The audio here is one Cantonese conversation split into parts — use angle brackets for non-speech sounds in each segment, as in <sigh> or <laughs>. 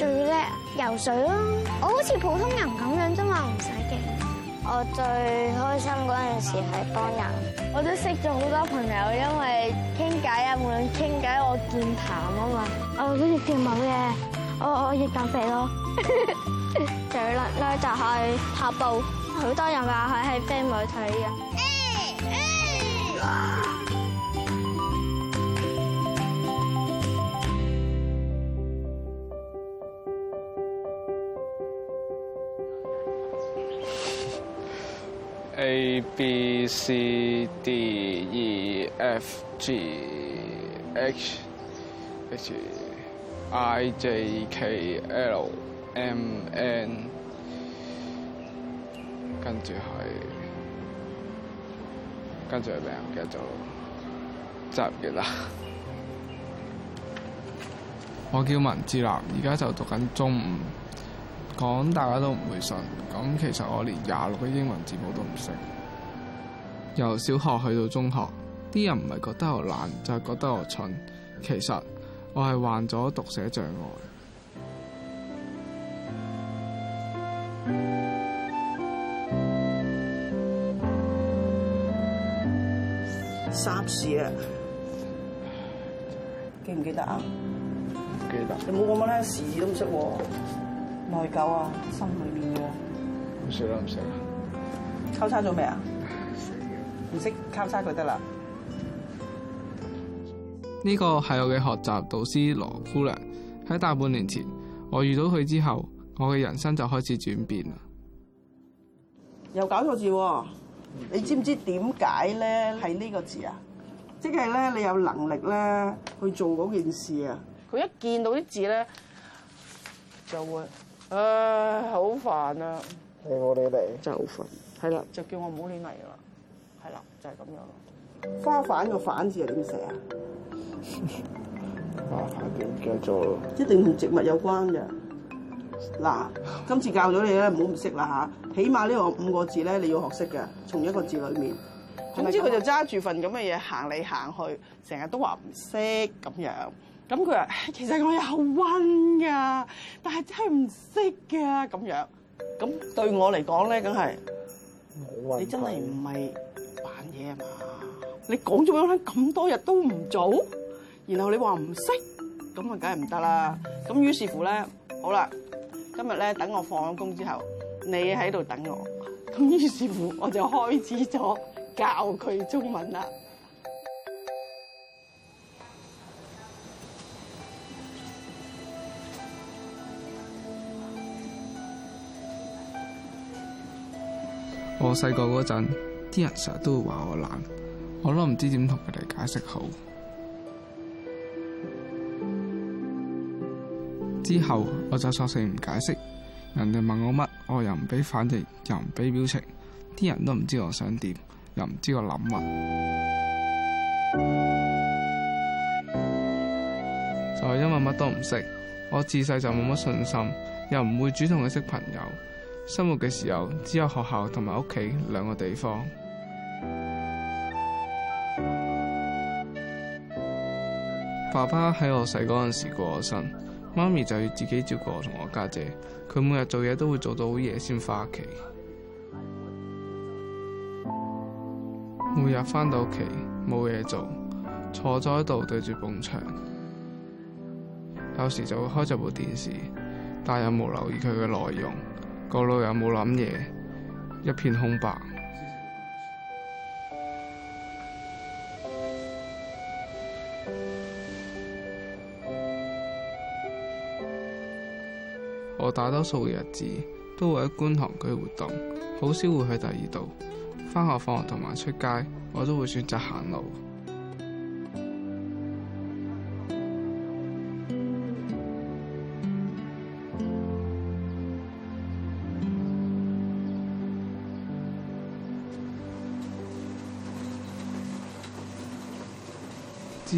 最叻游水咯，我好似普通人咁樣啫嘛，唔使記。我最開心嗰陣時係幫人，我都識咗好多朋友，因為傾偈啊，無論傾偈我健談啊嘛。我好似健美嘅，我我易減肥咯。最叻咧就係跑步，好多人話佢喺番禺睇嘅。B、C、D、E、F、G、H、H、I、J、K、L、M、N，跟住係，跟住係咩啊？唔記得啦！我叫文智立，而家就讀緊中五。講，大家都唔會信咁，其實我連廿六個英文字母都唔識。由小學去到中學，啲人唔係覺得我懶，就係、是、覺得我蠢。其實我係患咗讀寫障礙。三次啊，記唔記得啊？唔記得。你冇咁乜啦，字都唔識喎，內疚啊，心裏面嘅。唔識啦，唔識啦。交餐咗未啊？唔識敲沙佢得啦！呢個係我嘅學習導師羅姑娘。喺大半年前，我遇到佢之後，我嘅人生就開始轉變啦。又搞錯字喎！你知唔知點解咧？係呢個字啊！即係咧，你有能力咧去做嗰件事啊！佢一見到啲字咧，就會唉，好、哎、煩啊！係我哋嚟，真係好煩。係啦了，就叫我唔好亂嚟啦。係啦，就係、是、咁樣。花瓣個反字又點寫啊？ <laughs> <laughs> 花叫做？一定同植物有關嘅。嗱，今次教咗你咧，唔好唔識啦吓，起碼呢個五個字咧，你要學識嘅，從一個字裡面。總之佢就揸住份咁嘅嘢行嚟行去，成日都話唔識咁樣。咁佢話：其實我有温㗎，但係真係唔識㗎咁樣。咁對我嚟講咧，梗係冇温。你真係唔係？嘢啊嘛！你講咗咁多日都唔做，然後你話唔識，咁啊梗係唔得啦！咁於是乎咧，好啦，今日咧等我放咗工之後，你喺度等我，咁於是乎我就開始咗教佢中文啦。我細個嗰陣。啲人成日都會話我懶，我都唔知點同佢哋解釋好。之後我就索性唔解釋，人哋問我乜，我又唔俾反應，又唔俾表情，啲人都唔知我想點，又唔知我諗乜。 <music> 就係因為乜都唔識，我自細就冇乜信心，又唔會主動去識朋友。生活嘅時候只有學校同埋屋企兩個地方。爸爸喺我細嗰陣時過咗身，媽咪就要自己照顧我同我家姐。佢每日做嘢都會做到好夜先返屋企。每日返到屋企冇嘢做，坐咗喺度對住埲牆，有時就會開咗部電視，但又冇留意佢嘅內容。個腦有冇諗嘢，一片空白。 <music> 我大多數嘅日子都會喺觀塘區活動，好少會去第二度。返學、放學同埋出街，我都會選擇行路。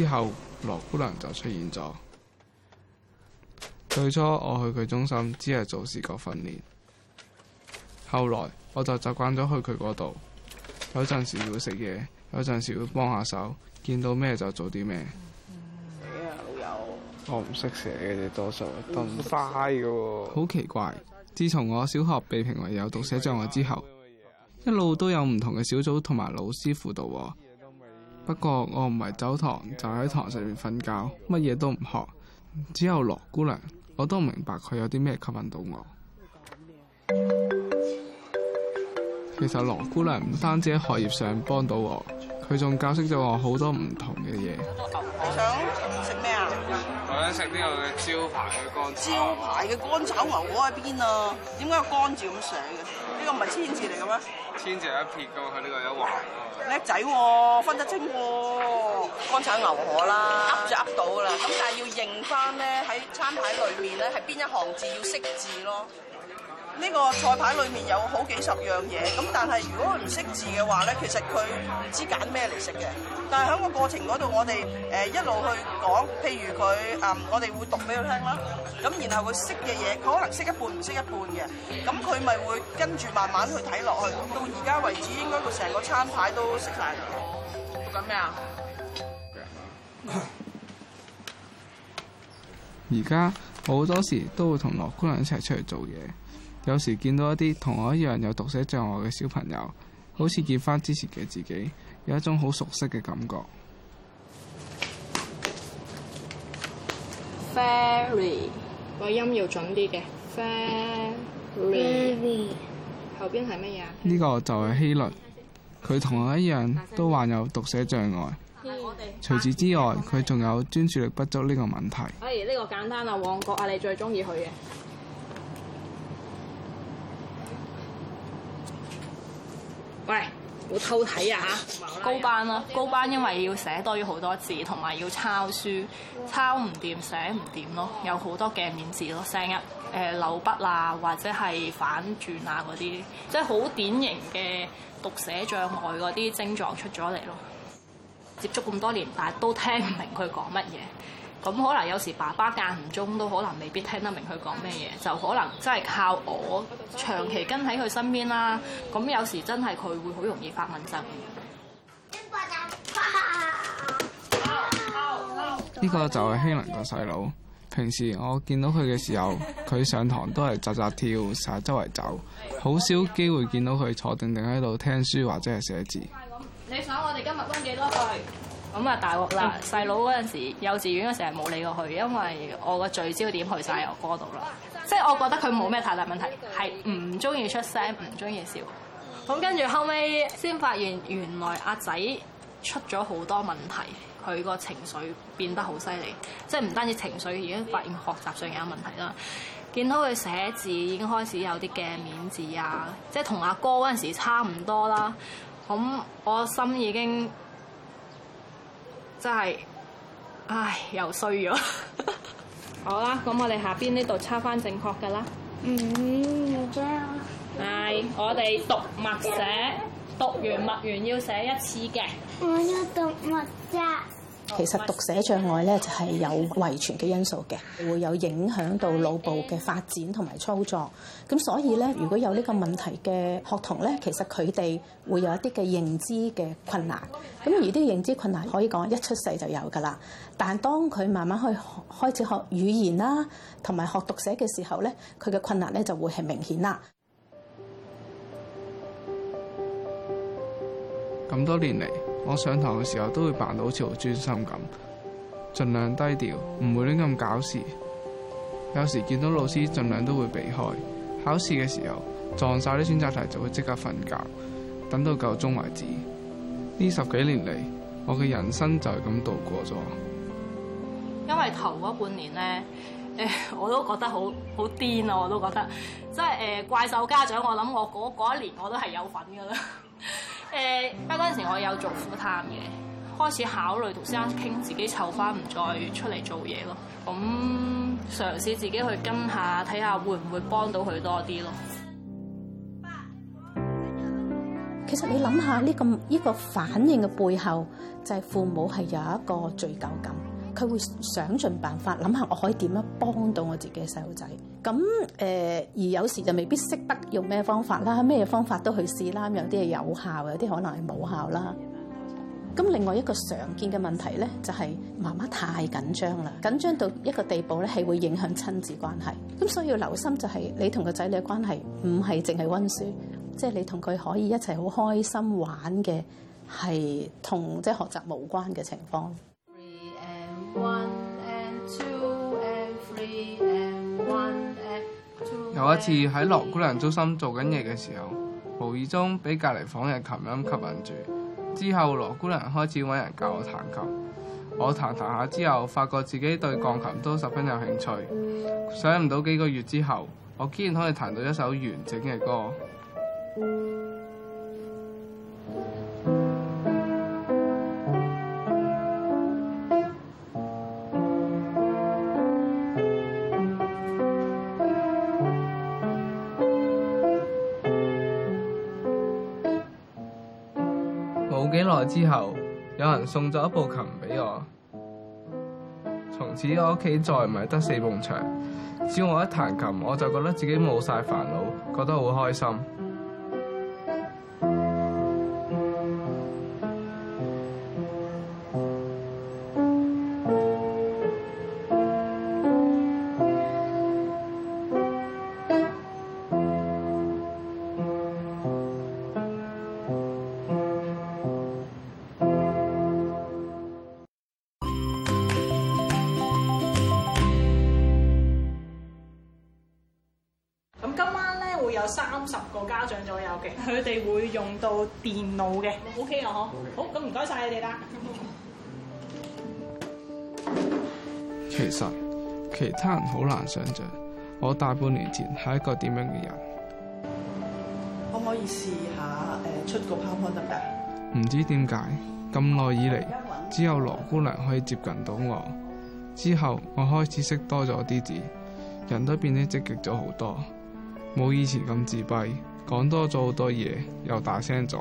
之後羅姑娘就出現咗。最初我去佢中心只係做視覺訓練，後來我就習慣咗去佢嗰度，有陣時會食嘢，有陣時會幫下手，見到咩就做啲咩。我唔識寫嘅，多數得唔快。好奇怪，自從我小學被評為有讀寫障礙之後，一路都有唔同嘅小組同埋老師輔導我。不過我唔係走堂，就喺堂上面瞓覺，乜嘢都唔學，只有羅姑娘，我都唔明白佢有啲咩吸引到我。其實羅姑娘唔單止喺學業上幫到我，佢仲教識咗我好多唔同嘅嘢。食呢個招牌嘅乾炒招牌嘅乾炒牛河喺邊啊？點解個乾字咁寫嘅？呢、這個唔係千字嚟嘅咩？千字有一撇嘅喎，佢呢個有橫、啊。叻仔喎，分得清喎、啊，乾炒牛河啦，噏就噏到啦。咁但係要認翻咧喺餐牌裏面咧，係邊一行字要識字咯。呢個菜牌裏面有好幾十樣嘢，咁但係如果佢唔識字嘅話咧，其實佢唔知揀咩嚟食嘅。但係喺個過程嗰度，我哋誒一路去講，譬如佢誒、嗯，我哋會讀俾佢聽啦。咁然後佢識嘅嘢，佢可能識一半唔識一半嘅。咁佢咪會跟住慢慢去睇落去。到而家為止，應該佢成個餐牌都識晒。啦什。做緊咩啊？而家好多時都會同樂姑娘一齊出嚟做嘢。有時見到一啲同我一樣有讀寫障礙嘅小朋友，好似見翻之前嘅自己，有一種好熟悉嘅感覺。Fairy 個音要準啲嘅。Fairy <laughs> 後邊係乜嘢？呢個就係希律，佢同我一樣都患有讀寫障礙。除此之外，佢仲有專注力不足呢個問題。哎，呢個簡單啦，旺角啊，你最中意佢嘅。喂，好偷睇啊嚇，高班咯，啊，高班因為要寫多咗好多字，同埋要抄書，抄唔掂寫唔掂咯，有好多鏡面字咯，成日誒漏筆啊，或者係反轉啊嗰啲，即係好典型嘅讀寫障礙嗰啲症狀出咗嚟咯。接觸咁多年，但係都聽唔明佢講乜嘢。咁可能有時爸爸間唔中都可能未必聽得明佢講咩嘢，就可能真係靠我長期跟喺佢身邊啦。咁有時真係佢會好容易發憤症。呢、啊、 <laughs> 個就係希文個細佬。平時我見到佢嘅時候，佢上堂都係扎扎跳，成日周圍走，好少機會見到佢坐定定喺度聽書或者係寫字、啊。你想我哋今日溫幾多句？咁啊，大鑊啦，細佬嗰陣時，幼稚園嗰陣時係冇理過佢，因為我個聚焦點去曬我哥度啦。即係、嗯、我覺得佢冇咩太大問題，係唔中意出聲，唔中意笑。咁、嗯、跟住後尾先發現，原來阿仔出咗好多問題。佢個情緒變得好犀利，即係唔單止情緒，已經發現學習上有問題啦。見到佢寫字已經開始有啲鏡面字啊，即係同阿哥嗰陣時差唔多啦。咁我心已經～真係，唉，又衰咗。 <laughs> 好啦，咁我哋下邊呢度抄翻正確噶啦。嗯，我知係，我哋讀默寫，嗯、讀完默完要寫一次嘅。我要讀默寫，啊。其實讀寫障礙咧就係有遺傳嘅因素嘅，會有影響到腦部嘅發展同埋操作。咁所以咧，如果有呢個問題嘅學童咧，其實佢哋會有一啲嘅認知嘅困難。咁而啲認知困難可以講一出世就有㗎啦，但係當佢慢慢去開始學語言啦，同埋學讀寫嘅時候咧，佢嘅困難咧就會係明顯啦。咁多年嚟。我上堂嘅時候都會扮到好似好專心咁，盡量低調，唔會亂咁搞事。有時見到老師，盡量都會避開。考試嘅時候撞晒啲選擇題，就會即刻瞓覺。等到夠鐘為止。呢十幾年嚟，我嘅人生就係咁度過咗。因為頭嗰半年咧，誒，我都覺得好好癲啊！我都覺得，即係誒怪獸家長，我諗我嗰一年我都係有份噶啦。 <laughs> 誒，因為嗰陣時我有做 full time 嘅，開始考慮同先生傾自己湊翻唔再出嚟做嘢咯。咁嘗試自己去跟下，睇下會唔會幫到佢多啲咯。其實你諗下，呢、呢個呢、呢個反應嘅背後就係、係、父母係有一個罪疚感。佢會想盡辦法諗下我可以點樣幫到我自己嘅細路仔。咁誒、呃、而有時就未必識得用咩方法啦，咩方法都去試啦。有啲係有效，有啲可能係冇效啦。咁另外一個常見嘅問題咧，就係媽媽太緊張啦，緊張到一個地步咧，係會影響親子關係。咁所以要留心就係、是、你同個仔女嘅關係唔係淨係温書，即、就、係、是、你同佢可以一齊好開心玩嘅，係同即係學習無關嘅情況。One, and two, and three, and one, and two, 有一次喺羅姑娘中心做緊嘢嘅時候，無意中俾隔籬房嘅琴音吸引住。之後羅姑娘開始揾人教我彈琴，我彈彈下之後，發覺自己對鋼琴都十分有興趣。想唔到幾個月之後，我竟然可以彈到一首完整嘅歌。之後有人送咗一部琴俾我，從此我屋企再唔係得四埲牆，只要我一彈琴，我就覺得自己冇晒煩惱，覺得好開心。唔該曬你哋啦。其實其他人好難想像我大半年前係一個點樣嘅人。可唔可以試下誒、呃、出個泡湯得唔得啊？唔知點解咁耐以嚟，只有羅姑娘可以接近到我。之後我開始識多咗啲字，人都變得積極咗好多，冇以前咁自閉，講多咗好多嘢，又大聲咗。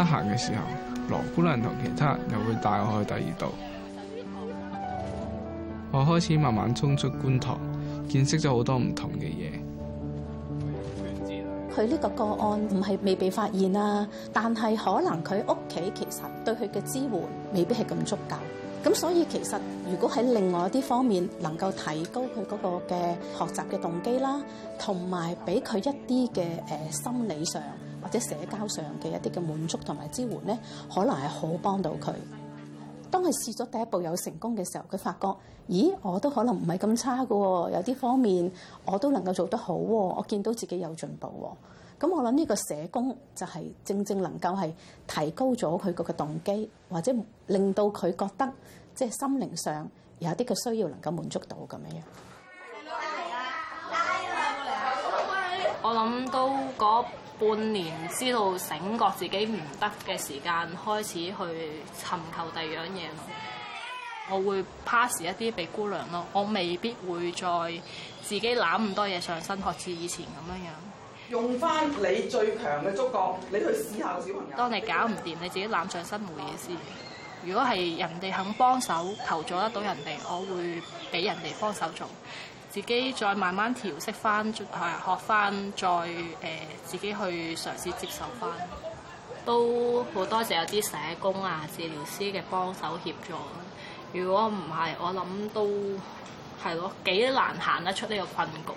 得閒嘅時候，羅姑娘同其他人又會帶我去第二度。我開始慢慢衝出觀塘，見識咗好多唔同嘅嘢。佢呢個個案唔係未被發現啊，但係可能佢屋企其實對佢嘅支援未必係咁足夠。咁所以其實如果喺另外一啲方面能夠提高佢嗰個嘅學習嘅動機啦，同埋俾佢一啲嘅誒心理上。或者社交上嘅一啲嘅滿足同埋支援咧，可能係好幫到佢。當佢試咗第一步有成功嘅時候，佢發覺咦，我都可能唔係咁差嘅喎，有啲方面我都能夠做得好喎，我見到自己有進步喎。咁我諗呢個社工就係正正能夠係提高咗佢嗰個動機，或者令到佢覺得即係心靈上有啲嘅需要能夠滿足到咁樣樣。我諗到嗰、那個。半年知道醒覺自己唔得嘅時間，開始去尋求第二樣嘢咯。我會 pass 一啲俾姑娘咯，我未必會再自己攬咁多嘢上身，好似以前咁樣樣。用翻你最強嘅觸覺，你去試下小朋友。當你搞唔掂，你自己攬上身冇嘢先。如果係人哋肯幫手，求助得到人哋，我會俾人哋幫手做，自己再慢慢調適翻，誒學翻，再誒、呃、自己去嘗試接受翻。都好多謝有啲社工啊、治療師嘅幫手協助。如果唔係，我諗都係咯，幾難行得出呢個困局。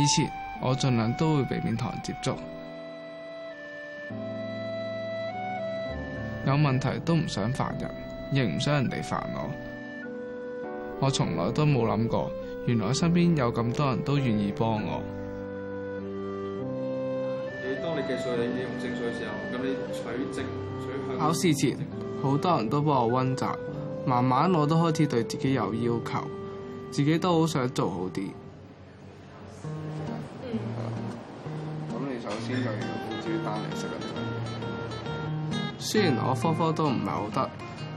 以前我盡量都會避免同人接觸。有問題都唔想煩人，亦唔想人哋煩我。我從來都冇諗過，原來身邊有咁多人都願意幫我。你當你計數，你用正數嘅時候，咁你取正取向。考試前好多人都幫我溫習，慢慢我都開始對自己有要求，自己都好想做好啲。咁、嗯、你首先就要注意單嚟識啦。雖然我科科都唔係好得，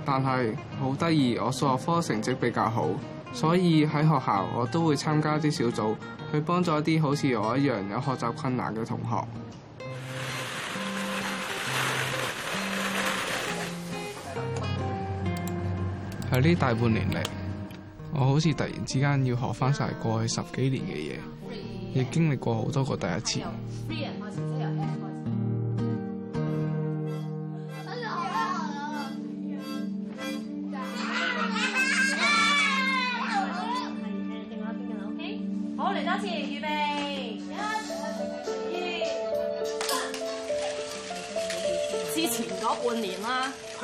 但係好得意，我數學科成績比較好，所以喺學校我都會參加啲小組，去幫助啲好似我一樣有學習困難嘅同學。喺呢大半年嚟，我好似突然之間要學翻晒過去十幾年嘅嘢，亦經歷過好多個第一次。 <noise> <noise>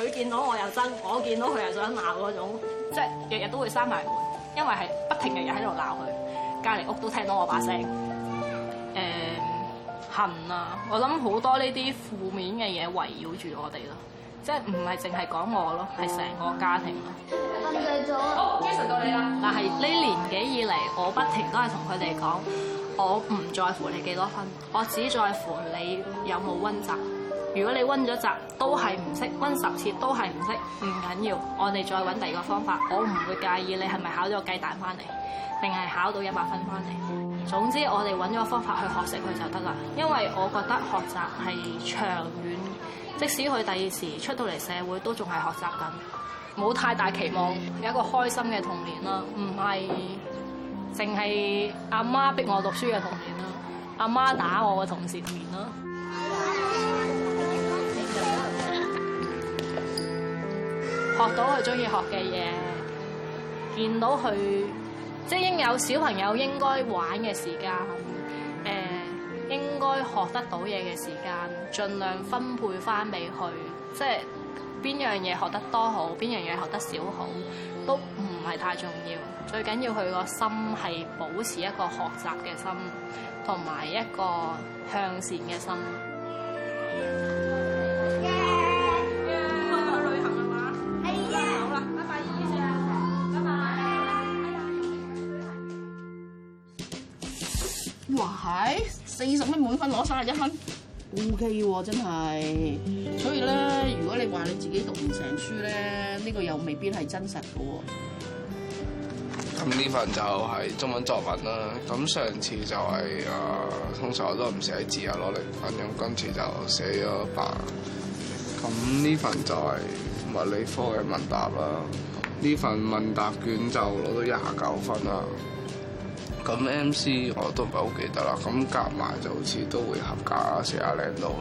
佢見到我又憎，我見到佢又想鬧嗰種，即係日日都會閂埋門，因為係不停日日喺度鬧佢，隔離屋都聽到我把聲。誒、呃，恨啊！我諗好多呢啲負面嘅嘢圍繞住我哋咯，即係唔係淨係講我咯，係成個家庭。瞓着咗。好，Jason 到你啦。但係呢年紀以嚟，我不停都係同佢哋講，我唔在乎你幾多分，我只在乎你有冇温習。如果你溫咗一集都係唔識，溫十次都係唔識，唔緊要，我哋再搵第二個方法，我唔會介意你係咪考咗個雞蛋翻嚟，定係考到一百分翻嚟。總之我哋搵咗個方法去學識佢就得啦。因為我覺得學習係長遠，即使佢第二時出到嚟社會都仲係學習緊，冇太大期望，有一個開心嘅童年啦，唔係淨係阿媽逼我讀書嘅童年啦，阿媽打我嘅同事童年啦。學到佢中意學嘅嘢，見到佢，即係應有小朋友應該玩嘅時間，誒、呃、應該學得到嘢嘅時間，盡量分配翻俾佢。即係邊樣嘢學得多好，邊樣嘢學得少好，都唔係太重要。最緊要佢個心係保持一個學習嘅心，同埋一個向善嘅心。Yeah. 係四十蚊滿分攞三十一分，O K 喎真係、啊。所以咧，如果你話你自己讀唔成書咧，呢、這個又未必係真實噶。咁呢份就係中文作文啦。咁上次就係、是、誒、啊，通常我都唔寫字啊，攞零分。今次就寫咗一版。咁呢份就係物理科嘅問答啦。呢份問答卷就攞到廿九分啦。咁 M C 我都唔係好記得啦，咁夾埋就好似都會合格四啊零度。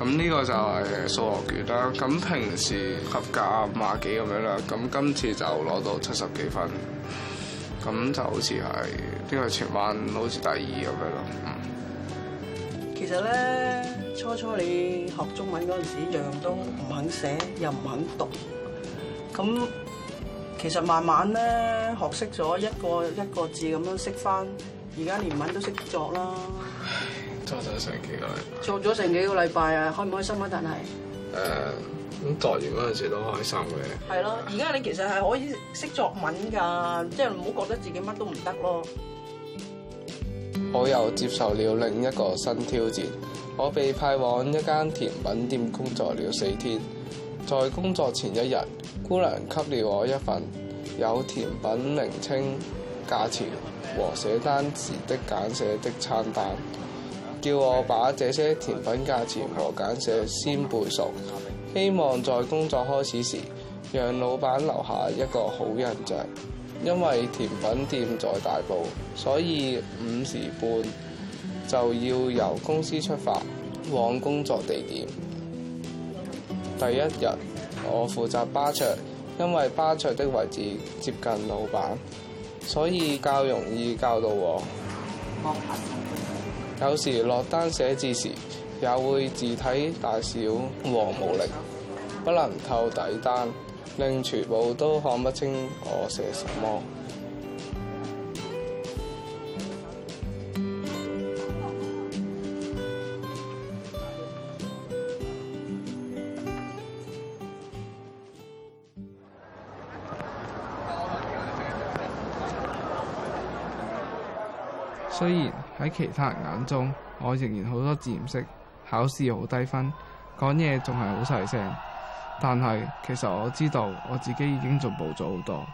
咁呢個就係數學卷啦。咁平時合格五廿幾咁樣啦，咁今次就攞到七十幾分。咁就好似係呢個全班好似第二咁樣咯。嗯、其實咧，初初你學中文嗰陣時，樣樣都唔肯寫，又唔肯讀。咁其實慢慢咧學識咗一個一個字咁樣識返，而家連文都識作啦。作咗成幾耐？做咗成幾個禮拜啊！開唔開心啊？但係誒，咁作、呃、完嗰陣時都開心嘅。係咯，而家你其實係可以識作文㗎，即係唔好覺得自己乜都唔得咯。我又接受了另一個新挑戰，我被派往一間甜品店工作了四天。在工作前一日，姑娘給了我一份有甜品名稱價錢和寫單時的簡寫的餐單，叫我把這些甜品價錢和簡寫先背熟，希望在工作開始時讓老闆留下一個好印象。因為甜品店在大埔，所以五時半就要由公司出發往工作地點。第一日我負責巴桌，因為巴桌的位置接近老闆，所以較容易教導我。Oh. 有時落單寫字時，也會字體大小和無力，不能透底單，令全部都看不清我寫什麼。喺其他人眼中，我仍然好多字唔識，考試好低分，講嘢仲係好細聲。但係其實我知道，我自己已經進步咗好多。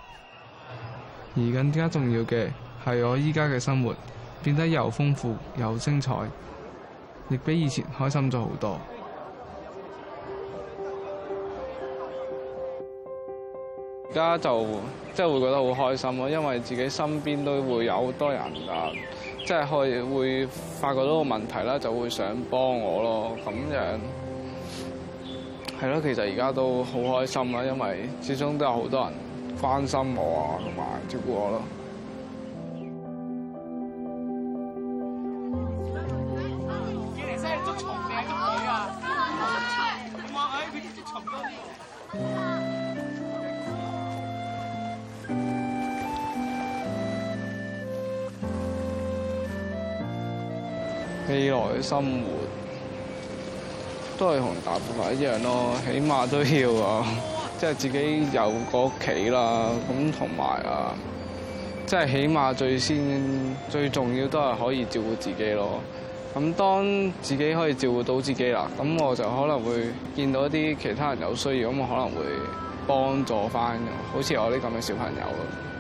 而更加重要嘅係，我依家嘅生活變得又豐富又精彩，亦比以前開心咗好多。而家就即係、就是、會覺得好開心咯，因為自己身邊都會有好多人啊。即係佢會發覺到個問題啦，就會想幫我咯，咁樣係咯。其實而家都好開心啦，因為始終都有好多人關心我啊，同埋照顧我咯。未來嘅生活都係同大部分一樣咯，起碼都要啊， <laughs> 即係自己有個屋企啦，咁同埋啊，即係起碼最先最重要都係可以照顧自己咯。咁當自己可以照顧到自己啦，咁我就可能會見到一啲其他人有需要，咁我可能會幫助返，好似我呢咁嘅小朋友。